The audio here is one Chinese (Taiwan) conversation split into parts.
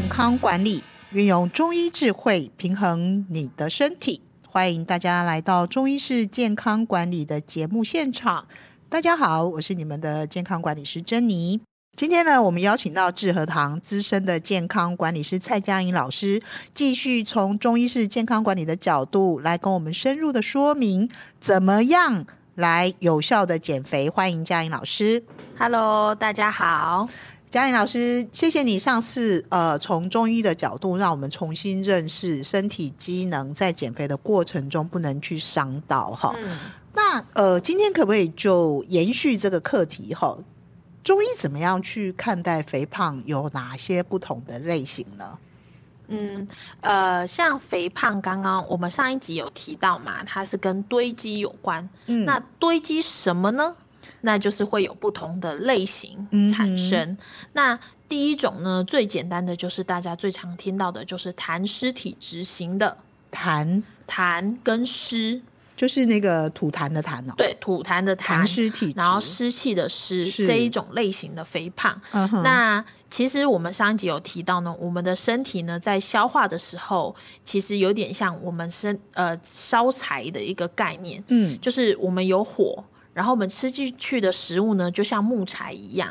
健康管理運用中醫智慧，平衡你的身體，歡迎大家來到中醫式健康管理的節目現場。大家好，我是你們的健康管理師珍妮。今天呢，我們邀請到致和堂資深的健康管理師蔡佳瑩老師，繼續從中醫式健康管理的角度來跟我們深入的說明，怎麼樣來有效的減肥。歡迎佳瑩老師。Hello，大家好。嘉穎老師，謝謝你上次呃，從中醫的角度讓我們重新認識身體機能，在減肥的過程中不能去傷到哈、嗯。那呃，今天可不可以就延續這個課題哈？中醫怎麼樣去看待肥胖？有哪些不同的類型呢？嗯，呃，像肥胖，剛剛我們上一集有提到嘛，它是跟堆積有關。嗯，那堆積什麼呢？那就是會有不同的類型產生，嗯。那第一種呢，最簡單的就是大家最常聽到的，就是痰濕體質型的痰痰跟濕，就是那個吐痰的痰哦。對，吐痰的痰濕體質，然後濕氣的濕這一種類型的肥胖，嗯。那其實我們上集有提到呢，我們的身體呢在消化的時候，其實有點像我們生呃燒柴的一個概念。嗯，就是我們有火。然後我們吃進去的食物呢，就像木柴一樣，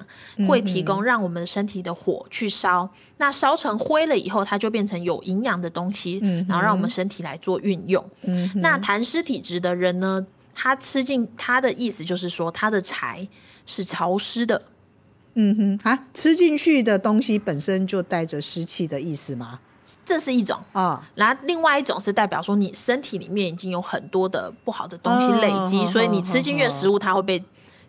會提供讓我們身體的火去燒、嗯。那燒成灰了以後，它就變成有營養的東西，嗯、然後讓我們身體來做運用。嗯、那痰濕體質的人呢，他吃進他的意思就是說，他的柴是潮濕的。嗯哼啊，吃進去的東西本身就帶着濕氣的意思嗎？這是一種啊，然後另外一種是代表說你身體裡面已經有很多的不好的東西累積，啊，所以你吃進去的食物它會被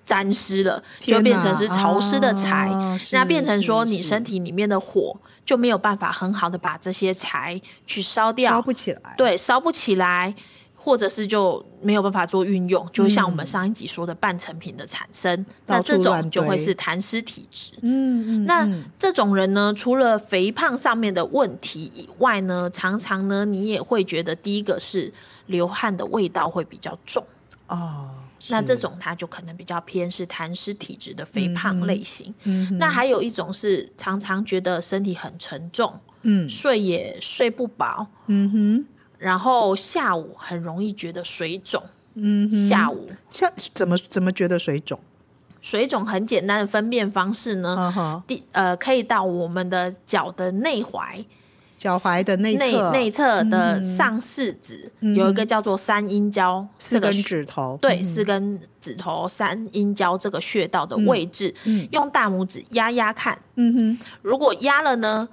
沾濕了，就變成是潮濕的柴，那，啊，變成說你身體裡面的火就沒有辦法很好的把這些柴去燒掉，燒不起來，對，燒不起來。或者是就沒有辦法做運用，就像我們上一集說的半成品的產生，嗯，那這種就會是痰濕體質。嗯嗯，嗯，那這種人呢，除了肥胖上面的問題以外呢，常常呢，你也會覺得第一個是流汗的味道會比較重哦。那這種他就可能比較偏是痰濕體質的肥胖類型。嗯，嗯嗯，那還有一種是常常覺得身體很沉重，嗯，睡也睡不飽。嗯哼。然後下午很容易覺得水腫，嗯，下午下怎麼怎麼覺得水腫？水腫很簡單的分辨方式呢，第、嗯、呃可以到我們的腳的內踝，腳踝的內內內側的上四指、嗯、有一個叫做三陰交、嗯、這個四根指頭，對，嗯、四根指頭三陰交這個穴道的位置嗯，嗯，用大拇指壓壓看，嗯哼，如果壓了呢？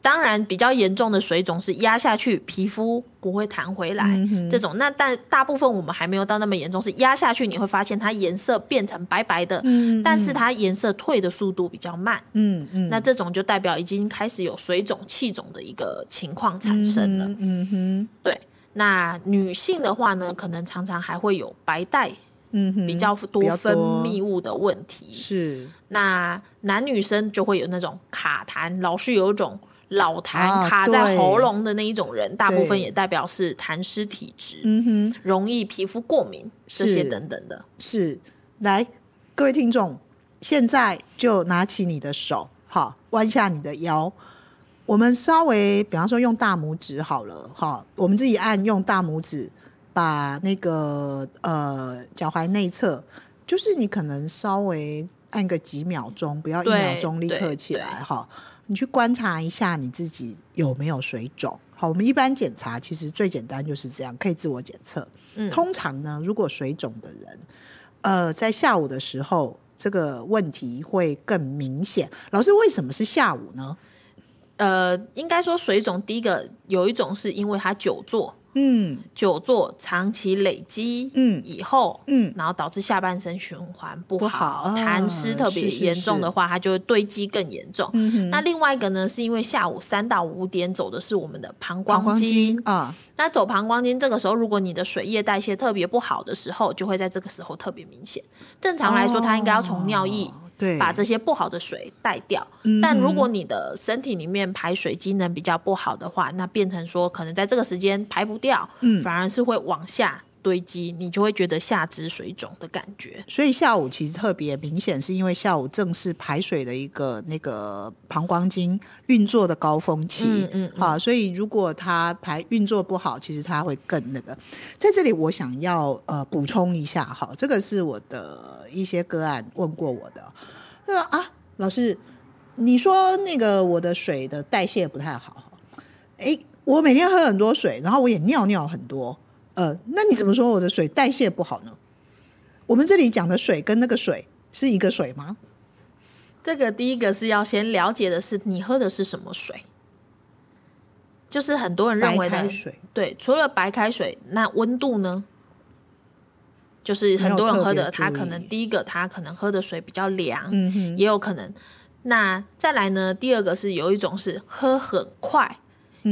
當然，比較嚴重的水腫是壓下去，皮膚不會彈回來、嗯、這種。那但大部分我們還沒有到那麼嚴重，是壓下去你會發現它顏色變成白白的，嗯嗯嗯，但是它顏色退的速度比較慢。嗯嗯。那這種就代表已經開始有水腫、氣腫的一個情況產生了。嗯哼、嗯嗯嗯，對。那女性的話呢，可能常常還會有白帶，比較多分泌物的問題。嗯嗯。是。那男女生就會有那種卡痰，老是有一種。老痰卡在喉嚨的那一種人，啊、大部分也代表是痰濕體質，嗯哼，容易皮膚過敏這些等等的是。是，來，各位聽眾，現在就拿起你的手，好，彎下你的腰，我們稍微，比方說用大拇指好了，哈，我們自己按，用大拇指把那個呃腳踝內側，就是你可能稍微按個幾秒鐘，不要一秒鐘立刻起來，哈。你去觀察一下你自己有沒有水腫。好，我們一般檢查其實最簡單就是這樣，可以自我檢測。通常呢，如果水腫的人，呃，在下午的時候這個問題會更明顯。老師，為什麼是下午呢？呃，應該說水腫第一個有一種是因為他久坐。嗯，久坐長期累積，嗯，以後，嗯，然後導致下半身循環不好，痰、啊、濕特別嚴重的話是是是是，它就會堆積更嚴重，嗯。那另外一個呢，是因為下午三到五點走的是我們的膀胱經啊、嗯，那走膀胱經這個時候，如果你的水液代謝特別不好的時候，就會在這個時候特別明顯。正常來說，它應該要從尿液、哦。對，把這些不好的水帶掉。嗯。但如果你的身體裡面排水機能比較不好的話，那變成說可能在這個時間排不掉，嗯，反而是會往下。堆積，你就會覺得下肢水腫的感覺。所以下午其實特別明顯，是因為下午正是排水的一個那個膀胱經運作的高峰期。嗯，嗯，嗯，好，所以如果它排運作不好，其實它會更那個。在這裡，我想要呃補充一下，哈，這個是我的一些個案問過我的，他說，啊，老師，你說那個我的水的代謝不太好，誒，哎，我每天喝很多水，然後我也尿尿很多。呃，那你怎麼說我的水代謝不好呢？我們這裡講的水跟那個水是一個水嗎？這個第一個是要先了解的是你喝的是什麼水，就是很多人認為的白開水，對，除了白開水，那溫度呢？就是很多人喝的他，他可能第一個他可能喝的水比較涼，嗯，也有可能。那再來呢？第二個是有一種是喝很快，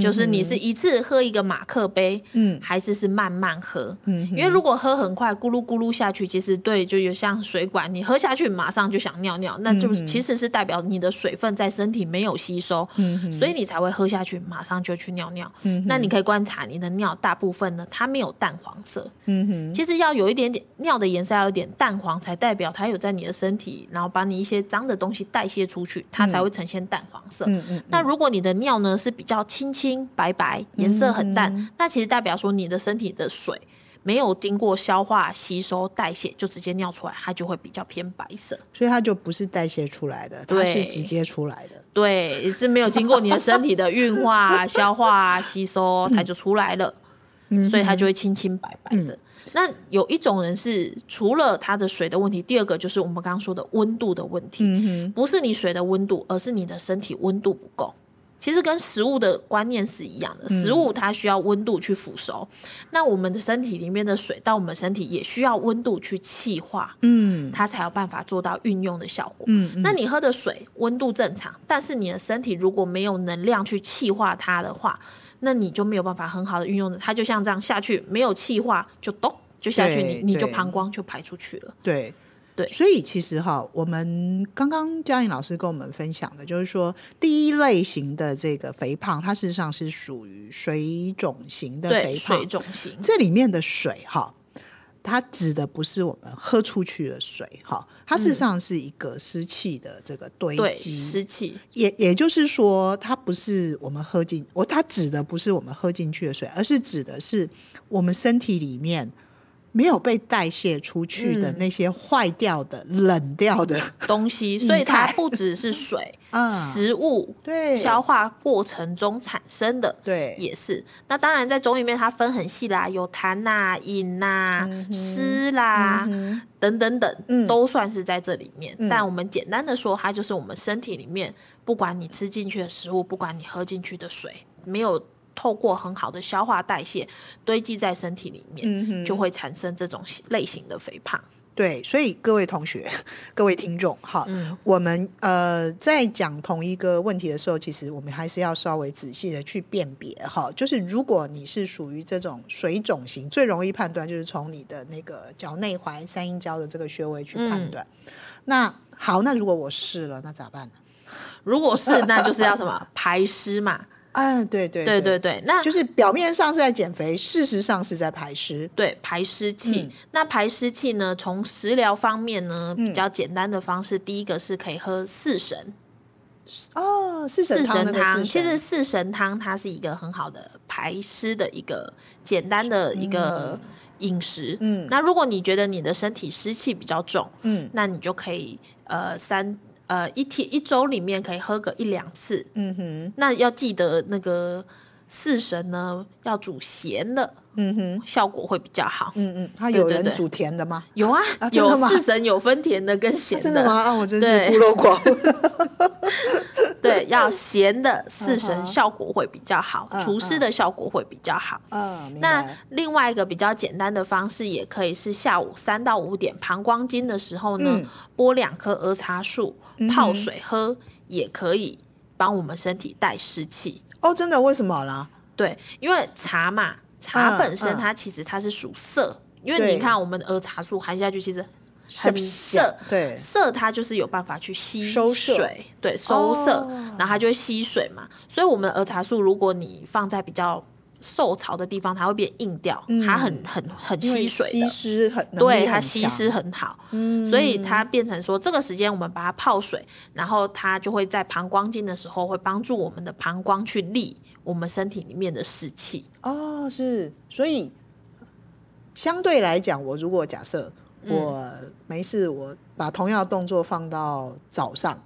就是你是一次喝一個馬克杯，嗯，還是是慢慢喝，嗯，因為如果喝很快，咕嚕咕嚕下去，其實對，就有像水管，你喝下去馬上就想尿尿，那就其實是代表你的水分在身體沒有吸收，嗯，所以你才會喝下去馬上就去尿尿。嗯，那你可以觀察你的尿，大部分呢它沒有淡黃色，嗯哼，其實要有一點點尿的顏色，要有點淡黃才代表它有在你的身體，然後把你一些髒的東西代謝出去，它才會呈現淡黃色。嗯嗯，那如果你的尿呢是比較清清。清白白，顏色很淡，嗯，那其實代表說你的身體的水沒有經過消化、吸收、代謝，就直接尿出來，它就會比較偏白色，所以它就不是代謝出來的，對，它是直接出來的，對，也是沒有經過你的身體的運化、 消化、吸收，它就出來了，嗯，所以它就會清清白白的。嗯，那有一種人是除了他的水的問題，第二個就是我們剛剛說的溫度的問題。嗯哼，不是你水的溫度，而是你的身體溫度不夠。其實跟食物的觀念是一樣的，食物它需要溫度去腐熟，嗯，那我們的身體裡面的水，到我們身體也需要溫度去氣化，嗯，它才有辦法做到運用的效果。嗯，嗯，那你喝的水溫度正常，但是你的身體如果沒有能量去氣化它的話，那你就沒有辦法很好的運用它，就像這樣下去，沒有氣化就咚就下去，你你就膀胱就排出去了。對。對。對，所以其實哈，我們剛剛江穎老師跟我們分享的，就是說第一類型的這個肥胖，它事實上是屬於水腫型的肥胖。水腫型，這裡面的水哈，它指的不是我們喝出去的水哈，它事實上是一個濕氣的這個堆積。嗯、濕氣，也也就是說，它不是我們喝進我，它指的不是我們喝進去的水，而是指的是我們身體裡面。沒有被代謝出去的那些壞掉的、嗯、冷掉的東西，所以它不只是水、嗯、食物，對，消化過程中產生的，對，也是。那當然，在中醫裡面它分很細啦、啊，有痰吶、啊、飲吶、啊嗯、濕啦、嗯、等等等、嗯，都算是在這裡面、嗯。但我們簡單的說，它就是我們身體裡面，不管你吃進去的食物，不管你喝進去的水，沒有。透過很好的消化代謝堆積在身體裡面、嗯，就會產生這種類型的肥胖。對，所以各位同學、各位聽眾，好，嗯、我們呃在講同一個問題的時候，其實我們還是要稍微仔細的去辨別，哈，就是如果你是屬於這種水腫型，最容易判斷就是從你的那個腳內踝三陰交的這個穴位去判斷。嗯、那好，那如果我試了，那咋辦呢？如果是，那就是要什麼 排濕嘛。哎、嗯，對對對，對對對，那就是表面上是在減肥，嗯、事實上是在排濕。對，排濕氣、嗯。那排濕氣呢？從食療方面呢、嗯，比較簡單的方式，第一個是可以喝四神。哦，四神湯。四神湯那個、四神，其實四神湯它是一個很好的排濕的一個簡單的一個飲食。嗯。那如果你覺得你的身體濕氣比較重，嗯，那你就可以呃三。呃，一天一周裡面可以喝個一兩次，嗯哼，那要記得那個四神呢，要煮鹹的。嗯哼，效果會比較好。嗯嗯，它有人煮甜的嗎？對對對有啊，啊，有四神有分甜的跟鹹的。啊、真的嗎？啊、我真是孤陋寡聞對， 對，要鹹的四神效果會比較好，除、uh、濕 -huh. 的效果會比較好。Uh -huh. Uh -huh. 那另外一個比較簡單的方式，也可以是下午三到五點膀胱經的時候呢，嗯、剝兩顆兒茶素泡水喝，也可以幫我們身體帶濕氣。哦、oh，真的？為什麼了？對，因為茶嘛。茶本身，它其實它是屬澀、嗯嗯，因為你看，我們的兒茶素含下去其實很澀，很對澀它就是有辦法去吸水收水，對，收澀、哦，然後它就會吸水嘛，所以我們兒茶素如果你放在比較受潮的地方，它會變硬掉，嗯、它很很很吸水吸濕很，很，對它吸濕很好，嗯，所以它變成說，這個時間我們把它泡水，然後它就會在膀胱經的時候，會幫助我們的膀胱去利我們身體裡面的濕氣。哦，是，所以相對來講，我如果假設我沒事，嗯，我把同樣的動作放到早上，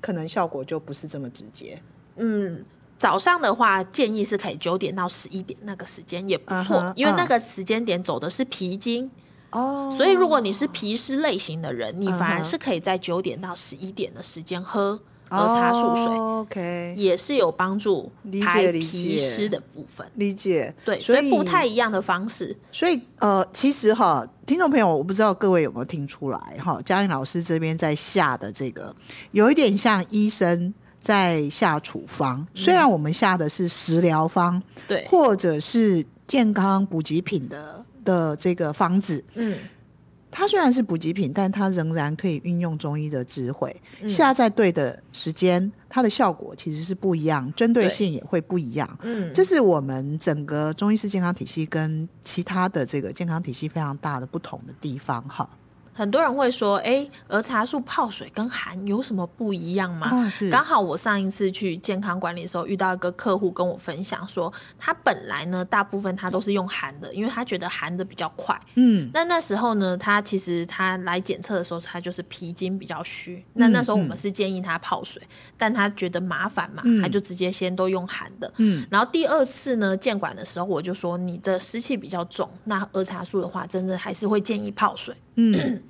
可能效果就不是這麼直接，嗯。早上的話，建議是可以九點到十一點那個時間也不錯，uh -huh, 因為那個時間點走的是脾經哦，uh -huh. 所以如果你是脾濕類型的人，uh -huh. 你反而是可以在九點到十一點的時間喝、uh -huh. 喝茶素水，OK，、uh -huh. 也是有幫助，排脾濕的部分。理解，理解，對，所，所以不太一樣的方式。所以呃，其實哈，聽眾朋友，我不知道各位有沒有聽出來哈，嘉玲老師這邊在下的這個有一點像醫生。在下處方，雖然我們下的是食療方、嗯，對，或者是健康補給品的的這個方子，嗯，它雖然是補給品，但它仍然可以運用中醫的智慧，嗯、下在對的時間，它的效果其實是不一樣，針對性也會不一樣，嗯，這是我們整個中醫師健康體系跟其他的這個健康體系非常大的不同的地方，很多人會說，哎、欸，兒茶素泡水跟寒有什麼不一樣嗎？剛、哦、好，我上一次去健康管理的時候，遇到一個客戶跟我分享說，他本來呢，大部分他都是用寒的，因為他覺得寒的比較快。嗯。那那時候呢，他其實他來檢測的時候，他就是脾經比較虛。那那時候我們是建議他泡水，嗯、但他覺得麻煩嘛、嗯，他就直接先都用寒的。嗯。然後第二次呢，健管的時候，我就說你的濕氣比較重，那兒茶素的話，真的還是會建議泡水。嗯。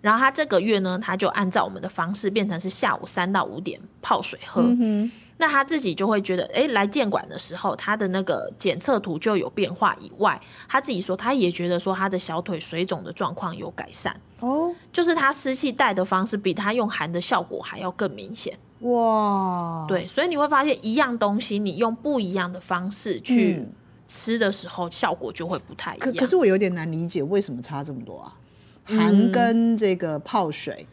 然後他這個月呢，他就按照我們的方式變成是下午三到五點泡水喝，嗯。那他自己就會覺得，哎，來健管的時候他的那個檢測圖就有變化以外，他自己說他也覺得說他的小腿水腫的狀況有改善。哦，就是他濕氣帶的方式比他用寒的效果還要更明顯。哇，對，所以你會發現一樣東西，你用不一樣的方式去，嗯，吃的時候，效果就會不太一樣。可，可是我有點難理解，為什麼差這麼多啊？寒、嗯、跟這個泡水，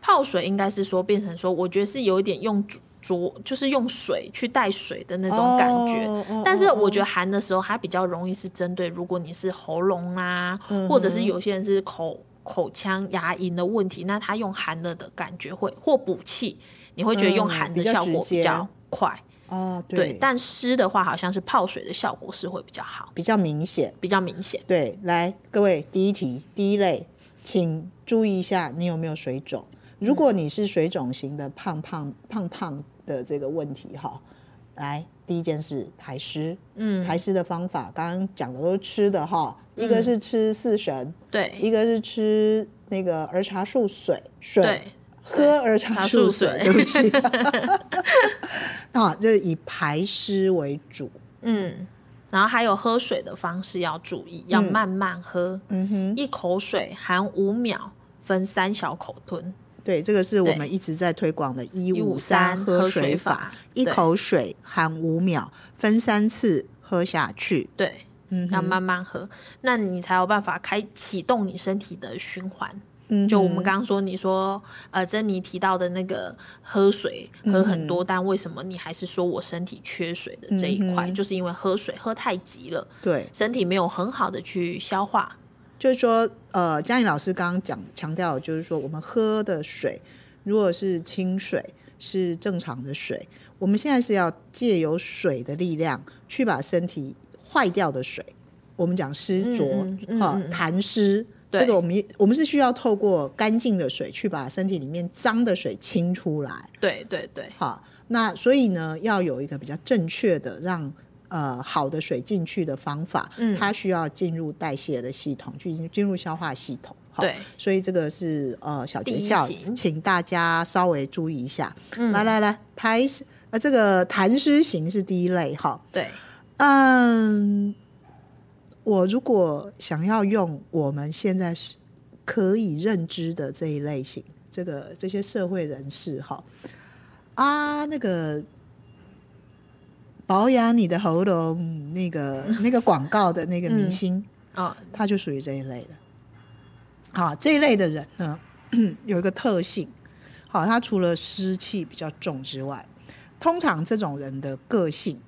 泡水應該是說，變成說，我覺得是有一點用濁，就是用水去帶水的那種感覺，哦。但是我覺得寒的時候，它比較容易是針對如果你是喉嚨啦、啊嗯，或者是有些人是口口腔、牙齦的問題，那它用寒了的感覺會或補氣，你會覺得用寒的效果比較快。哦、嗯啊，對。但濕的話，好像是泡水的效果是會比較好，比較明顯，比較明顯。對，來，各位，第一題，第一類。請注意一下，你有沒有水腫？如果你是水腫型的胖胖胖胖的這個問題，哈、嗯，來第一件事排濕。嗯，排濕的方法，剛剛講的都是吃的哈，一個是吃四神、嗯，對，一個是吃那個兒茶素水，水，對，喝兒茶素水，對不起，好， 就是以排濕為主，嗯。然後還有喝水的方式要注意，要慢慢喝，嗯、嗯哼，一口水含五秒，分三小口吞。對，這個是我們一直在推廣的“一五三”喝水法，一口水含五秒，分三次喝下去。對、嗯，要慢慢喝，那你才有辦法開啟動你身體的循環。就我們剛剛說，你說呃，珍妮提到的那個喝水喝很多，嗯，但為什麼你還是說我身體缺水的這一塊，嗯、就是因為喝水喝太急了，對，身體沒有很好的去消化。就是說，呃，嘉穎老師剛剛講強調，就是說我們喝的水如果是清水是正常的水，我們現在是要借由水的力量去把身體壞掉的水，我們講濕濁痰，嗯嗯、濕。嗯對這個我們我們是需要透過乾淨的水去把身體裡面髒的水清出來。對對對。好，那所以呢，要有一個比較正確的讓呃好的水進去的方法，嗯，它需要進入代謝的系統，去進入消化系統好。對，所以這個是呃小訣竅，請大家稍微注意一下。嗯、來來來，排呃這個痰濕型是第一類哈。對，嗯。我如果想要用我們現在是可以認知的這一類型，這個這些社會人士哈、哦、啊，那個保養你的喉嚨那個那個廣告的那個明星啊、嗯哦，他就屬於這一類的。好、哦，這一類的人呢，有一個特性，好、哦，他除了濕氣比較重之外，通常這種人的個性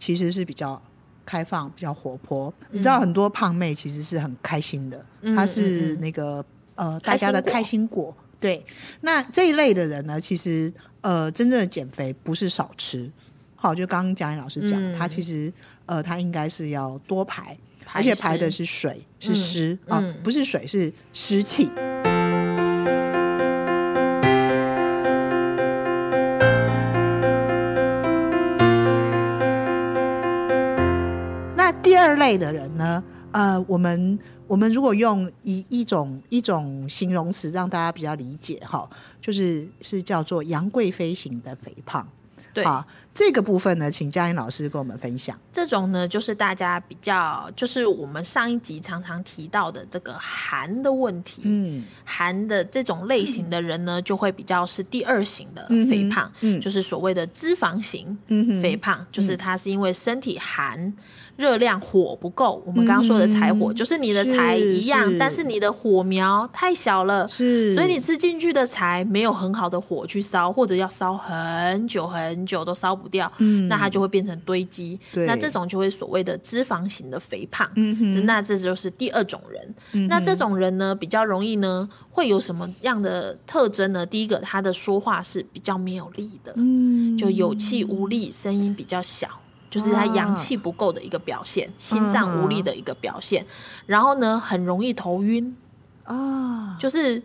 其實是比較。開放比較活潑，你知道很多胖妹其實是很開心的，她、嗯、是那個、嗯、呃大家的開心、開心果。對，那這一類的人呢，其實呃真正的減肥不是少吃，好，就剛剛蔣岩老師講，嗯、他其實呃他應該是要多排，排而且排的是水是濕啊、嗯哦嗯，不是水是濕氣。第二類的人呢，呃，我們我們如果用一一種一種形容詞讓大家比較理解哈，就是是叫做楊貴妃型的肥胖，對，這個部分呢，請佳音老師跟我們分享。這種呢，就是大家比較，就是我們上一集常常提到的這個寒的問題，嗯，寒的這種類型的人呢，嗯、就會比較是第二型的肥胖，嗯，嗯，就是所謂的脂肪型肥胖，嗯、就是他是因為身體寒。熱量火不夠，我們剛剛說的柴火、嗯、就是你的柴一樣，但是你的火苗太小了，所以你吃進去的柴沒有很好的火去燒，或者要燒很久很久都燒不掉、嗯，那它就會變成堆積。那這種就會所謂的脂肪型的肥胖、嗯。那這就是第二種人、嗯。那這種人呢，比較容易呢，會有什麼樣的特徵呢？第一個，他的說話是比較沒有力的，嗯、就有氣無力，聲音比較小。就是他陽氣不夠的一個表現，啊、心臟無力的一個表現、嗯啊，然後呢，很容易頭暈啊。就是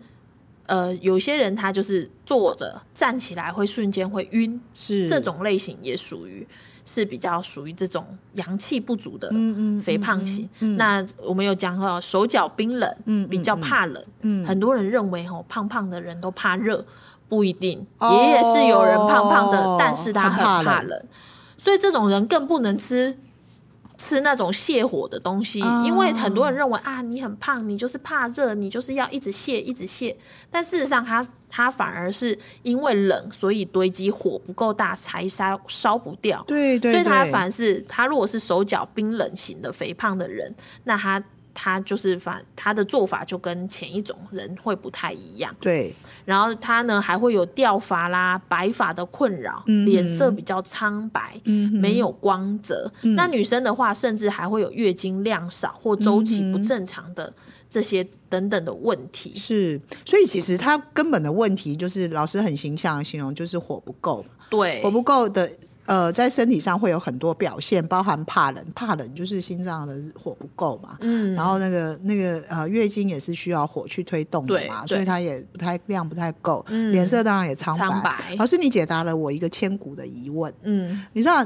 呃，有些人他就是坐着站起來會瞬間會暈，是這種類型也屬於是比較屬於這種陽氣不足的，嗯肥胖型嗯嗯嗯嗯。那我們有講到手腳冰冷，嗯，嗯，嗯，嗯，比較怕冷，嗯，很多人認為哦，胖胖的人都怕熱，不一定，也、哦、是有人胖胖的、哦，但是他很怕冷。所以這種人更不能吃吃那種瀉火的東西，uh... 因為很多人認為啊，你很胖，你就是怕熱，你就是要一直瀉一直瀉。但事實上他，他他反而是因為冷，所以堆積火不夠大，才燒燒不掉。對，對對，所以他反而是他如果是手腳冰冷型的肥胖的人，那他。他就是反他的做法就跟前一種人會不太一樣，對。然後他呢還會有掉髮啦、白髮的困擾，嗯嗯，臉色比較蒼白，嗯嗯，沒有光澤。嗯。那女生的話，甚至還會有月經量少或周期不正常的這些等等的問題。是，所以其實他根本的問題就是，老師很形象的形容就是火不夠，對，火不夠的。呃，在身體上會有很多表現，包含怕冷，怕冷就是心臟的火不夠嘛。嗯，然後那個那個呃，月經也是需要火去推動的嘛，對，對，所以它也不太量不太夠，嗯，臉色當然也蒼白。蒼白。老師你解答了我一個千古的疑問。嗯，你知道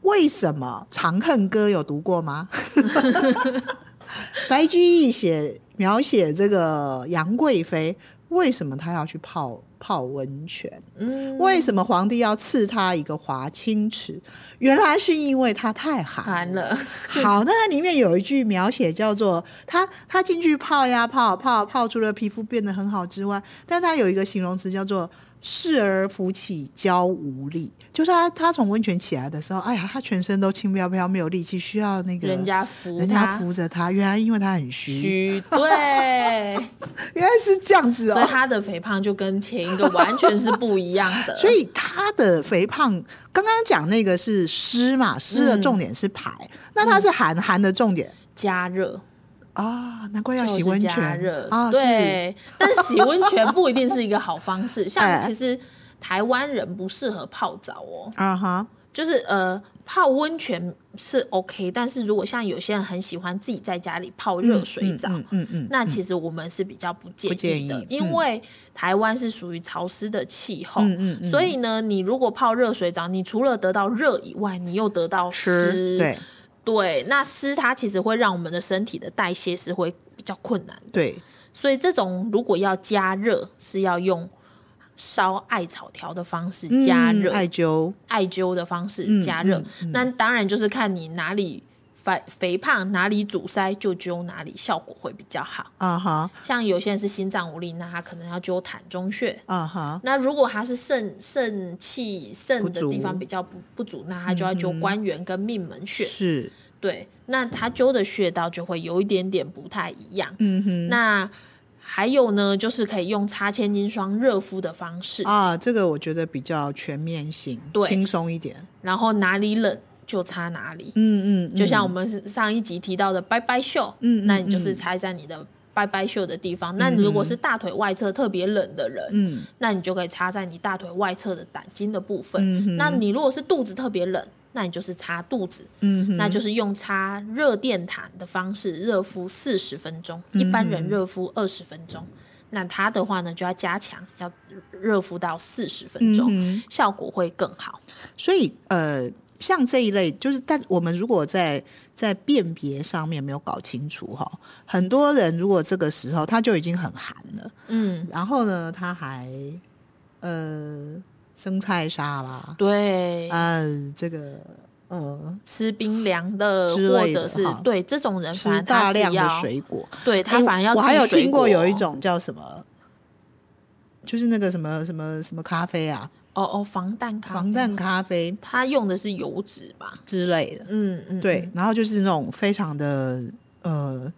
為什麼《長恨歌》有讀過嗎？ 白居易寫描寫這個楊貴妃。為什麼他要去泡泡溫泉？嗯，為什麼皇帝要賜他一個華清池？原來是因為他太寒，寒了。 好，那它裡面有一句描寫叫做他他進去泡呀泡泡泡，泡，除了皮膚變得很好之外，但他有一個形容詞叫做。侍兒扶起，嬌無力，就是他。他從溫泉起來的時候，哎呀，他全身都輕飄飄，沒有力氣，需要那個人家扶他，人家扶着他。原來因為他很虛，虛，對， 原來是這樣子哦。所以他的肥胖就跟前一個完全是不一樣的。 所以他的肥胖，剛剛講那個是濕嘛，濕的重點是排，嗯、那他是寒，寒的重點加熱。啊、哦，難怪要洗溫泉熱、哦，對。但是洗溫泉不一定是一個好方式， 像其實台灣人不適合泡澡哦。啊、哎、哈，就是呃泡溫泉是 OK，但是如果像有些人很喜歡自己在家裡泡熱水澡，嗯嗯，嗯，嗯，嗯，嗯，那其實我們是比較不建議的，議嗯、因為台灣是屬於潮濕的氣候，嗯嗯，嗯，所以呢，你如果泡熱水澡，你除了得到熱以外，你又得到濕，對。對，那濕它其實會讓我們的身體的代謝是會比較困難的。對，所以這種如果要加熱，是要用燒艾草條的方式加熱，嗯、艾灸，艾灸的方式加熱，嗯嗯嗯嗯。那當然就是看你哪裡。肥肥胖哪裡阻塞就灸哪裡，效果會比較好。啊哈，像有些人是心臟無力，那他可能要灸膻中穴。啊哈，那如果他是腎腎氣腎的地方比較不不足，那他就要灸關元跟命門穴。是、uh -huh.，對，那他灸的穴道就會有一點點不太一樣。嗯哼，那還有呢，就是可以用擦千金霜熱敷的方式。啊、uh,，這個我覺得比較全面性，對，輕鬆一點。然後哪裡冷？就擦哪裡，嗯嗯，就像我們上一集提到的拜拜袖，嗯，那你就是擦在你的拜拜袖的地方。嗯嗯、那你如果是大腿外側特別冷的人，嗯，那你就可以擦在你大腿外側的膽經的部分。嗯，嗯那你嗯，嗯，那你如果是肚子特別冷，那你就是擦肚子，嗯，那就是用擦熱電毯的方式熱敷四十分鐘，嗯，一般人熱敷二十分鐘，嗯，那他的話呢就要加強，要熱敷到四十分鐘，嗯嗯，效果會更好。所以呃。像這一類，就是但我們如果在在辨別上面沒有搞清楚哈，很多人如果這個時候他就已經很寒了，嗯，然後呢，他還呃生菜沙拉，對，呃，這個呃吃冰涼的，的或者是，哦，對這種人，反正吃大量的水果，對他反而要，欸，我，我還有聽過有一種叫什麼，就是那個什麼什麼什麼咖啡啊。哦、oh, 哦、oh,，防彈咖，防彈咖啡，它用的是油脂吧之類的，嗯嗯，對嗯，然後就是那種非常的呃，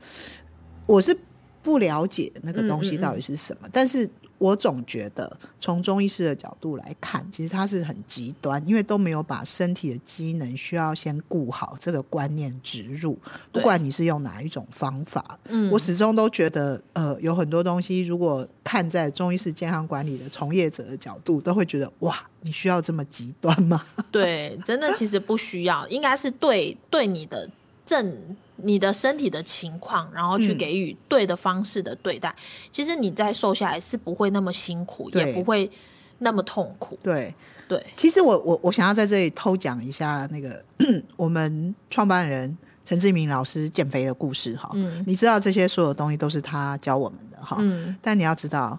我是不了解那個東西到底是什麼，嗯嗯嗯、但是。我總覺得，從中醫師的角度來看，其實它是很極端，因為都沒有把身體的機能需要先顧好這個觀念植入。不管你是用哪一種方法，嗯，我始終都覺得，呃，有很多東西，如果看在中醫師健康管理的從業者的角度，都會覺得哇，你需要這麼極端嗎？對，真的其實不需要， 應該是對對你的正。你的身體的情況，然後去給予對的方式的對待。嗯、其實你在瘦下來是不會那麼辛苦，也不會那麼痛苦。對對，其實我我我想要在這裡偷講一下那個 我們創辦人陳志明老師減肥的故事哈、嗯。你知道這些所有東西都是他教我們的哈、嗯。但你要知道，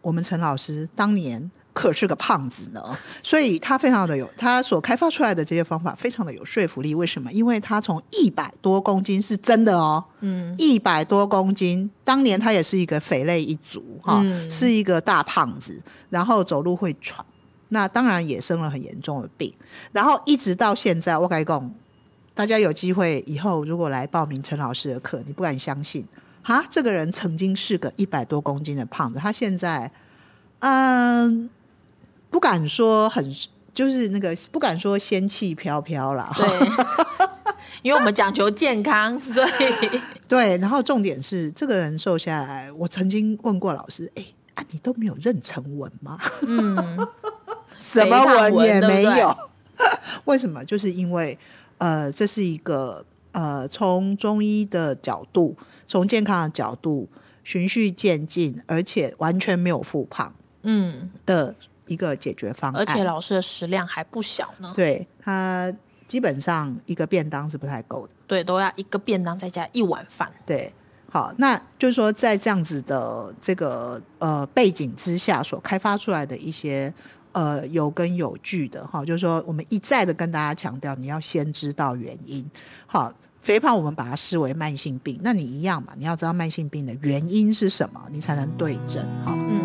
我們陳老師當年，可是個胖子呢，所以他非常的有他所開發出來的這些方法非常的有說服力。為什麼？因為他從一百多公斤，是真的哦，嗯，一百多公斤，當年他也是一個肥類一族哈、哦嗯，是一個大胖子，然後走路會喘，那當然也生了很嚴重的病，然後一直到現在，我跟你講，大家有機會以後如果來報名陳老師的課，你不敢相信哈，這個人曾經是個一百多公斤的胖子，他現在，嗯、呃。不敢說很，就是那個不敢說仙氣飄飄啦。 因為我們講求健康，所以 對。然後重點是，這個人瘦下來，我曾經問過老師：“哎、欸，啊，你都沒有妊娠紋嗎？”嗯、 什麼紋也沒有。對對 為什麼？就是因為呃，這是一個呃，從中醫的角度，從健康的角度，循序漸進，而且完全沒有復胖。嗯的。一個解決方案，而且老師的食量還不小呢。對，他基本上一個便當是不太夠的，對，都要一個便當再加一碗飯。對，好，那就是說在這樣子的這個呃背景之下，所開發出來的一些呃有根有據的哈、哦，就是說我們一再的跟大家強調，你要先知道原因。好、哦，肥胖我們把它視為慢性病，那你一樣嘛，你要知道慢性病的原因是什麼，你才能對症。好，嗯。哦嗯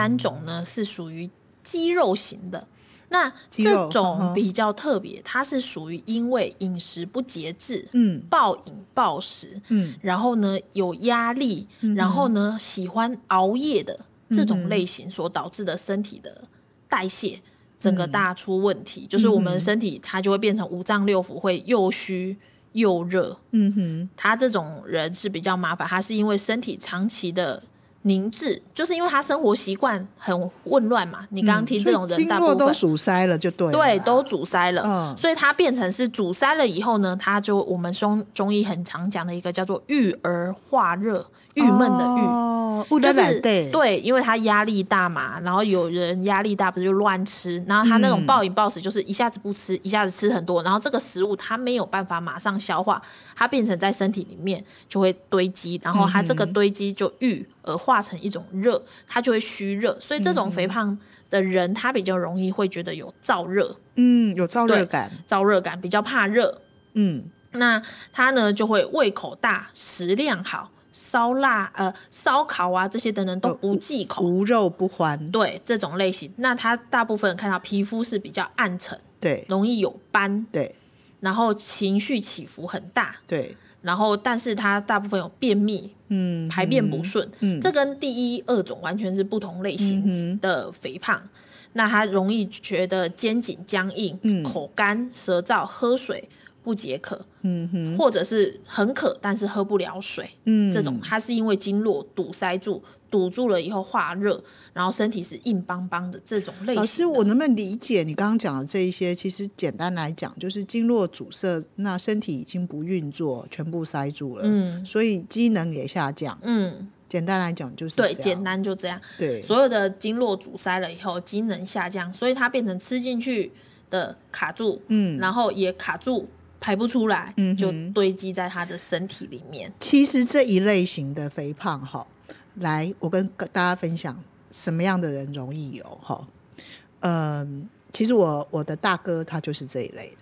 三種呢是屬於肌肉型的，那這種比較特別、哦，它是屬於因為飲食不節制，嗯，暴飲暴食，嗯，然後呢有壓力、嗯，然後呢喜歡熬夜的、嗯、這種類型所導致的身體的代謝、嗯、整個大出問題，嗯、就是我們身體它就會變成五臟六腑會又虛又熱，嗯哼，他這種人是比較麻煩，他是因為身體長期的。凝滯，就是因為他生活習慣很混亂嘛，你剛剛聽這種人大部分、嗯、經絡都阻塞了就對了，對，都阻塞了、嗯，所以他變成是阻塞了以後呢，他就我們中中醫很常講的一個叫做鬱而化熱。鬱悶的鬱、哦，就是達達對，因為他壓力大嘛，然後有人壓力大，不是就亂吃，然後他那種暴飲暴食，就是一下子不吃、嗯，一下子吃很多，然後這個食物它沒有辦法馬上消化，它變成在身體裡面就會堆積，然後它這個堆積就鬱，而化成一種熱，它就會虛熱，所以這種肥胖的人他、嗯、比較容易會覺得有燥熱，嗯，有燥熱感，燥熱感比較怕熱，嗯，那他呢就會胃口大，食量好。燒臘呃燒烤啊這些等等都不忌口，無、無肉不歡。對，這種類型，那他大部分看到皮膚是比較暗沉，對，容易有斑，對，然後情緒起伏很大，對，然後但是他大部分有便秘，嗯，排便不順，嗯，嗯，這跟第一、二種完全是不同類型的肥胖。嗯、嗯、那他容易覺得肩頸僵硬，嗯、口乾舌燥，喝水不解渴，嗯哼，或者是很渴，但是喝不了水，嗯，這種它是因為經絡堵塞住，堵住了以後化熱，然後身體是硬邦邦的這種類型。老師，我能不能理解你剛剛講的這一些？其實簡單來講，就是經絡阻塞，那身體已經不運作，全部塞住了，嗯，所以機能也下降，嗯，簡單來講就是對，簡單就這樣，對，所有的經絡阻塞了以後，機能下降，所以它變成吃進去的卡住，嗯，然後也卡住。排不出來，就堆積在他的身體裡面，嗯嗯。其實這一類型的肥胖，哈，來，我跟大家分享什麼樣的人容易有哈？嗯，其實我我的大哥他就是這一類的，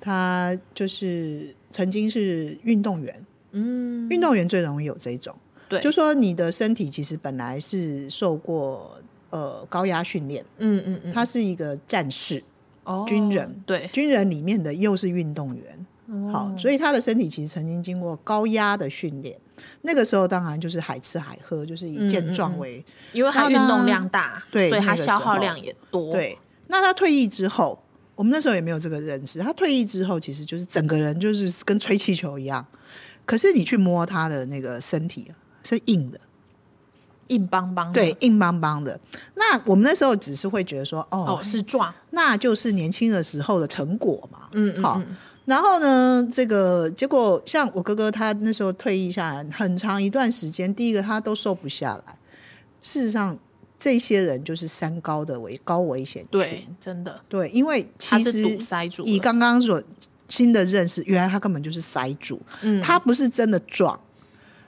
他就是曾經是運動員，嗯，運動員最容易有這種，對，就說你的身體其實本來是受過呃高壓訓練，嗯嗯嗯，他是一個戰士。哦，軍人，對，軍人裡面的又是運動員，嗯，好，所以他的身體其實曾經經過高壓的訓練。那個時候當然就是海吃海喝，就是以健壯為，嗯嗯，因為他運動量大，對，所以他消耗量也多，那個。對，那他退役之後，我們那時候也沒有這個認識，他退役之後，其實就是整個人就是跟吹氣球一樣，可是你去摸他的那個身體是硬的。硬邦邦的，對硬邦邦的。那我們那時候只是會覺得說哦，哦，是壯，那就是年輕的時候的成果嘛。嗯，好。嗯嗯，然後呢，這個結果像我哥哥，他那時候退役下來很長一段時間，第一個他都瘦不下來。事實上，這些人就是三高的危高危險群，對，真的，對，因為其實他是堵塞住。以剛剛所新的認識，原來他根本就是塞住，嗯，他不是真的壯，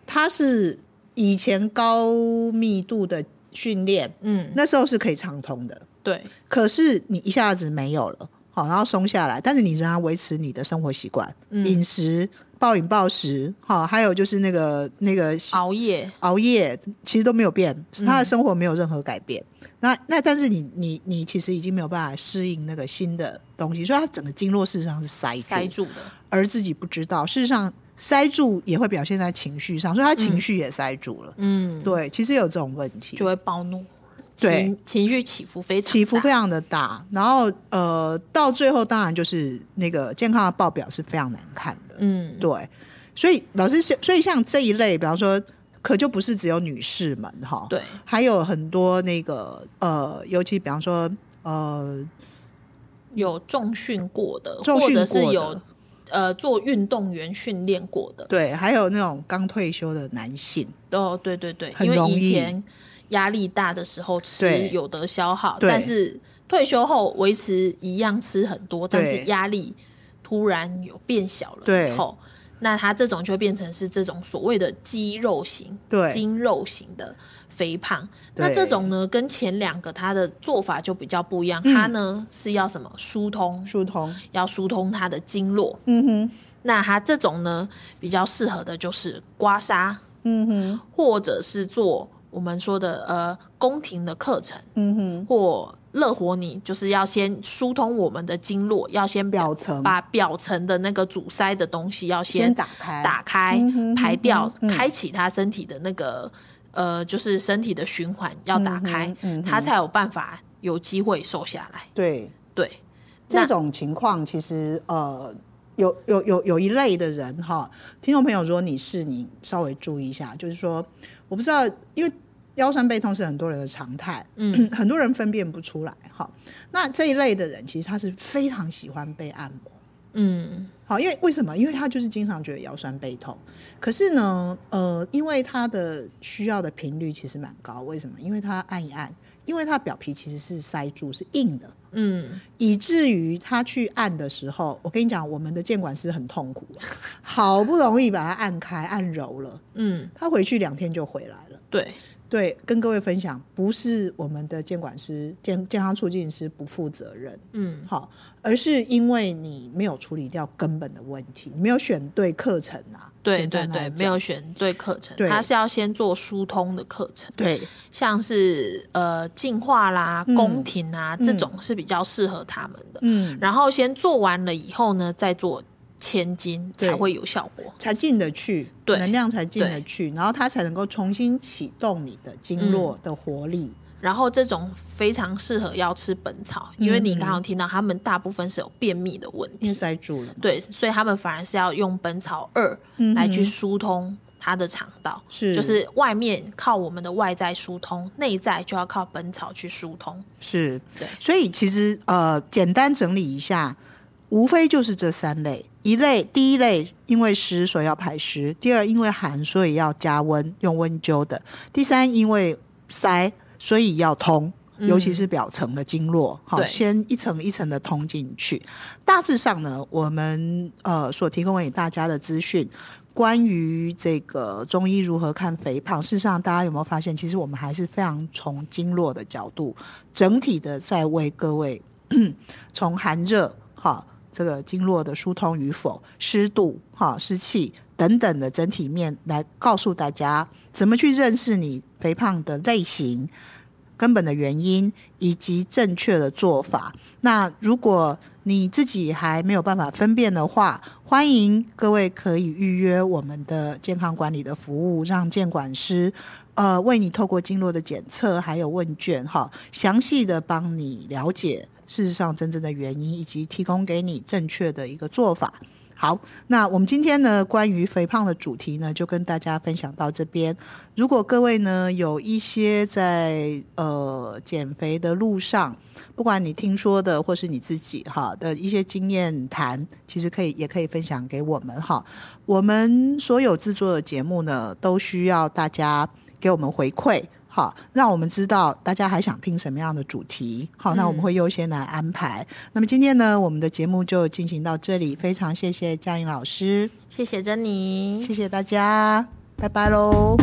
他是。以前高密度的訓練，嗯，那時候是可以暢通的，對。可是你一下子沒有了，好，然後鬆下來，但是你仍然維持你的生活習慣，嗯、飲食暴飲暴食，好，還有就是那個那個熬夜熬夜，其實都沒有變，他的生活沒有任何改變。嗯、那那但是你你你其實已經沒有辦法適應那個新的東西，所以他整個經絡事實上是塞住塞住的，而自己不知道，事實上。塞住也會表現在情緒上，所以他情緒也塞住了。嗯，對，其實有這種問題就會暴怒，情，對，情緒起伏非常大，起伏非常的大，然後呃，到最後當然就是那個健康的報表是非常難看的。嗯，對，所以老師，所以像這一類，比方說，可就不是只有女士們哈，對，還有很多那個呃，尤其比方說呃，有重訓過的，重訓過的，或者是有。呃，做運動員訓練過的，對，還有那種剛退休的男性，哦，對對對，因為以前壓力大的時候吃有得消耗，但是退休後維持一樣吃很多，但是壓力突然有變小了以後。對對那它這種就會變成是這種所謂的肌肉型對，筋肉型的肥胖。那這種呢，跟前兩個它的做法就比較不一樣。它、嗯、呢是要什麼疏通？疏通要疏通它的經絡。嗯哼，那它這種呢比較適合的就是刮痧。嗯哼，或者是做我們說的呃宮廷的課程。嗯哼，或，樂活，你就是要先疏通我們的經絡，要先表層把表層的那個阻塞的東西要先打開，打開，打開、嗯、排掉、嗯，開啟他身體的那個、嗯、呃，就是身體的循環、嗯、要打開、嗯嗯，他才有辦法有機會瘦下來。對對，這種情況其實呃，有有有有，有一類的人哈，聽眾朋友，如果你是你稍微注意一下，就是說，我不知道因為。腰痠背痛是很多人的常態，嗯，很多人分辨不出來哈。那這一類的人其實他是非常喜歡被按摩，嗯，好，因為為什麼？因為他就是經常覺得腰痠背痛，可是呢，呃，因為他的需要的頻率其實蠻高。為什麼？因為他按一按，因為他表皮其實是塞住，是硬的，嗯，以至於他去按的時候，我跟你講，我們的健管師很痛苦，好不容易把它按開、按揉了，嗯，他回去兩天就回來了，對。對，跟各位分享，不是我們的健管師、健健康促進師不負責任，嗯，好，而是因為你沒有處理掉根本的問題，你沒有選對課程啊。對對對，對對對，沒有選對課程。對，他是要先做疏通的課程。對，對，像是呃淨化啦、宮廷啊、嗯、這種是比較適合他們的，嗯，然後先做完了以後呢，再做。千金才會有效果，才進得去，對，能量才進得去，然後它才能夠重新啟動你的經絡的活力。嗯、然後這種非常適合要吃本草，因為你剛剛聽到他們大部分是有便秘的問題，塞住了。對，所以他們反而是要用本草二來去疏通他的腸道，嗯嗯、是就是外面靠我們的外在疏通，內在就要靠本草去疏通。是，對，所以其實呃，簡單整理一下，無非就是這三類。一類，第一類因為濕，所以要排濕；第二，因為寒，所以要加溫，用溫灸的；第三，因為塞，所以要通，尤其是表層的經絡。好，嗯，先一層一層的通進去。大致上呢，我們呃所提供給大家的資訊，關於這個中醫如何看肥胖。事實上，大家有沒有發現，其實我們還是非常從經絡的角度，整體的在為各位從寒熱，哦這個經絡的疏通與否、濕度、哈濕氣等等的整體面來告訴大家怎麼去認識你肥胖的類型、根本的原因以及正確的做法。那如果你自己還沒有辦法分辨的話，歡迎各位可以預約我們的健康管理的服務，讓健管師呃為你透過經絡的檢測還有問卷哈，詳細的幫你了解。事實上，真正的原因以及提供給你正確的一個做法。好，那我們今天呢，關於肥胖的主題呢，就跟大家分享到這邊。如果各位呢，有一些在呃減肥的路上，不管你聽說的或是你自己哈的一些經驗談，其實可以也可以分享給我們哈。我們所有制作的節目呢，都需要大家給我們回饋。好，讓我們知道大家還想聽什麼樣的主題。好，那我們會優先來安排、嗯。那麼今天呢，我們的節目就進行到這裡，非常謝謝佳穎老師，謝謝珍妮，謝謝大家，拜拜嘍。